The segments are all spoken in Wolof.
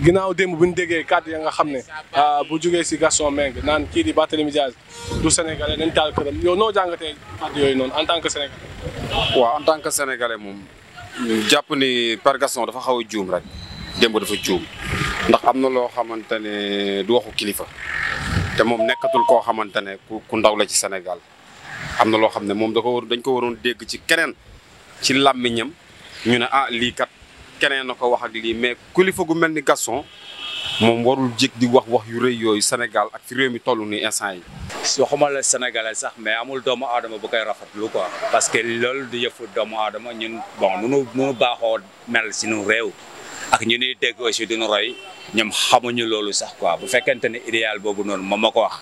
ginnaaw démb bu ñu déggee kàddu ya nga xam ne ah, bu jógee si Gaston Mbengue naan kii di Barthélémy Dias du sénégalais dañ taal këram yow noo jàngatee kàddu yooyu noonu en tant que sénégalais. waaw en tant que sénégalais moom jàpp ni Père Gaston dafa xaw a juum rek démb dafa juum ndax am na loo xamante ne du waxu kilifa te moom nekkatul koo xamante ne ku ndaw la ci Sénégal am na loo xam ne moom da ko war dañ ko waroon dégg ci keneen ci làmmiñam ñu ne ah liikat keneen na ko wax ak lii mais kilifa gu mel ni Gaston moom warul jég di wax wax yu rëy yooyu Sénégal ak fi réew mi toll ni instant yi. waxuma la sénégalais sax mais amul doomu aadama bu koy rafetlu quoi. parce que lool di yëfu doomu aadama ñun bon nu nu baaxoo mel si nu réew ak ñu nuy dégg aussi duñu roy ñoom xamuñu loolu sax quoi bu fekkente ne idéal boobu noonu moom ma ko wax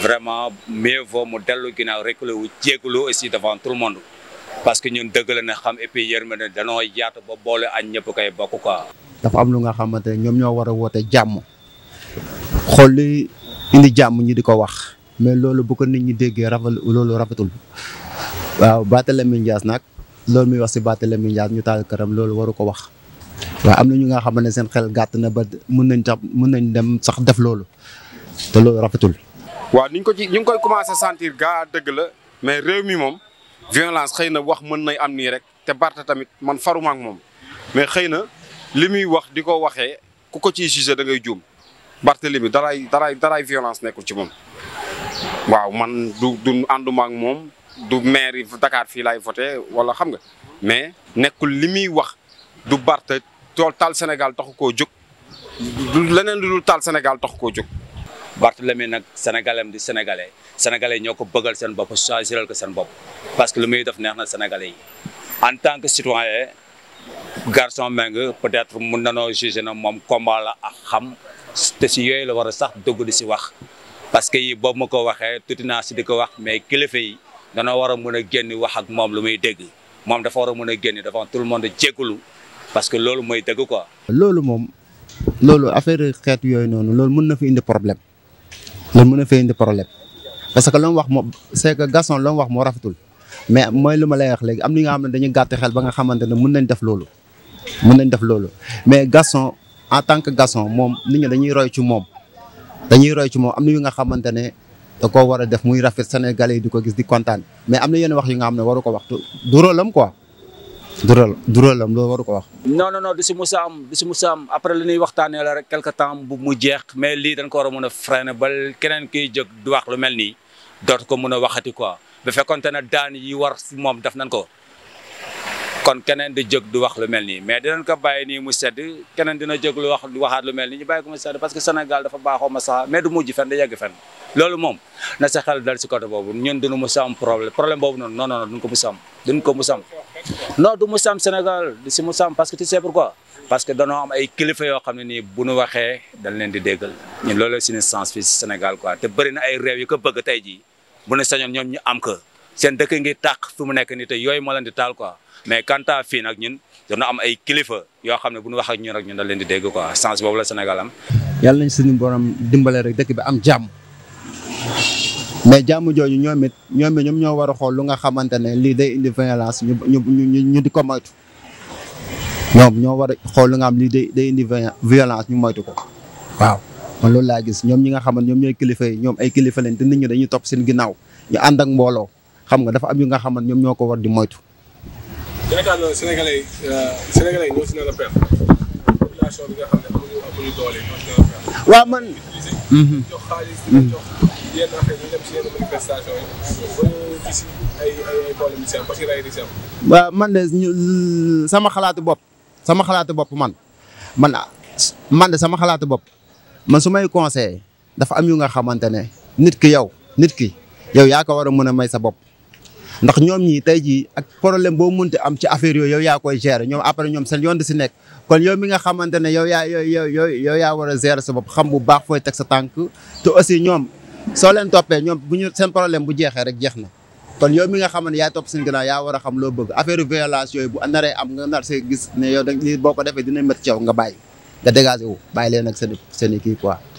vraiment mais vaut mu dellu ginnaaw reculer wu jégalu aussi devant tout le monde. parce que ñun dëgg la ne xam et puis yërmande danoo yaatu ba boole añ ñëpp koy bokk quoi. dafa am lu nga xamante ne ñoom ñoo war a woote jàmm xool li indi jàmm ñi di ko wax mais loolu bu ko nit ñu déggee rafet loolu rafetul waaw Barthélémy Dias nag loolu muy wax si Barthélémy Dias ñu taal këram loolu waru ko wax. waaw am na ñu nga xam ne seen xel gàtt na ba mën nañ tax mën nañ dem sax def loolu te koy commencé sentir gaa dëgg la mais réew mi moom. violence xëy na wax mën nay am nii rek te Barth tamit man faruma ak moom mais xëy na li muy wax di ko waxee ku ko ci jugé da ngay juum Barthélemy daraay daray daray violence nekkul ci moom. waaw man du du ànduma ak moom du maire yi Dakar fii laay voté wala xam nga mais nekkul li muy wax du Barth tool taal Sénégal taxu koo jóg leneen lu taal Sénégal taxu koo jóg. Barthélemy nag sénégalais di sénégalais sénégalais ñoo ko bëggal seen bopp choisiral ko seen bopp parce que lu muy def neex na sénégalais yi en tant que citoyen garçon Mbengue peut-être mun nanoo juger na moom combat la a xam te si yooyu la war a sax dugg di si wax parce que yi boobu ma ko waxee tuuti naa si di ko wax mais kilifa yi danoo war a mun a génn wax ak moom lu muy dégg moom dafa war a mun a génn dafa tout le monde jégalu parce que loolu mooy dëgg quoi. loolu moom loolu affaire xeet yooyu noonu loolu mun na fi indi problème loolu mën a fee indi problème parce que lu wax moom c'est que Gaston lu wax moo rafetul mais mooy lu ma lay wax léegi am na ñoo xam ne dañuy gàtt xel ba nga xamante ne mën nañ def loolu mën nañ def loolu mais Gaston en tant que Gaston moom nit dañuy roy ci moom dañuy roy ci moom am na yu nga xamante ne da koo war a def muy rafet Sénégalais yi du ko gis di kontaan mais am na yenn wax yu nga xam ne a ko waxtu du rôle am dural duralam loolu waru ko wax. non no non du si Moussa am du si Moussa am après li ñuy waxtaanee la rek quelque temps bu mu jeex mais lii dañ ko war a mën a freiner ba keneen kiy jóg du lu mel nii dootu ko mën a waxati quoi ba fekkonte ne daan yi war si moom def nañ ko kon keneen di jóg du wax lu mel nii mais dinañ ko bàyyi nii mu sedd keneen dina jóg lu wax waxaat lu mel nii ñu bàyyi ko mu sedd parce que Sénégal dafa baaxoo ma sax mais du mujj fenn da yegg fenn loolu moom na sa xel dal si côté boobu ñun duñu mu sam problème problème boobu noonu non non duñ ko mu sam duñ ko mu sam du mu sam Sénégal du si mu sam parce que tu sais pourquoi parce que danoo am ay kilifa yoo xam ne nii bu ñu waxee dañ leen di déggal ñun loolu suñu sens si Sénégal quoi te bëri na ay réew yu bëgg tey jii bu ne sañoon ñoom ñu am seen dëkk ngi tàq fi mu nekk nii te yooyu moo leen di taal ko mais quant à fii nag ñun dana am ay kilifa yoo xam ne bu ñu wax ak ñun rek ñun da leen di dégg quoi sens boobu la Sénégal am. yàlla nañ borom dimbale rek dëkk bi am jàmm mais jàmm jooju ñoom it ñoom it ñoom ñoo war a xool lu nga xamante ne lii day indi violence ñu ñu ñu ñu di ko moytu ñoo war a xool lu nga xam lii day day indi violence ñu moytu ko waaw. loolu laa gis ñoom ñi nga xam ñoom ñooy kilifa yi ñoom ay kilifa lañ te nit ñi dañuy topp seen ginnaaw ñu ànd ak mbooloo. xam nga dafa am yu nga xam ñoom ñoo ko war di moytu. yaakaar euh, euh, waaw man. Mhm. jox sama xalaatu bopp sama xalaatu bopp man man man de sama xalaatu bopp man su may conseillé dafa am yu nga xamante ne nit ki yow nit ki yow yaa ka war a mën a may sa bopp. ndax ñoom ñii tey ji ak problème mun munti am ci affaire yooyu yaa ko gérer ñoom après ñoom seen yoon di si nekk kon yow mi nga xamante ne yow yaa yow yow yow yaa war a gérer sa bopp xam bu baax fooy teg sa tànk te aussi ñoom soo leen toppee ñoom bu ñu seen problème bu jeexee rek jeex na kon yow mi nga xam ne yaa topp seen yaa war a xam loo bëgg affaire violence yooyu bu naree am nga nar see gis ne yow boo ko defee dina métti ci nga bàyyi nga dégagé wu bàyyi leen ak seen seen i kii quoi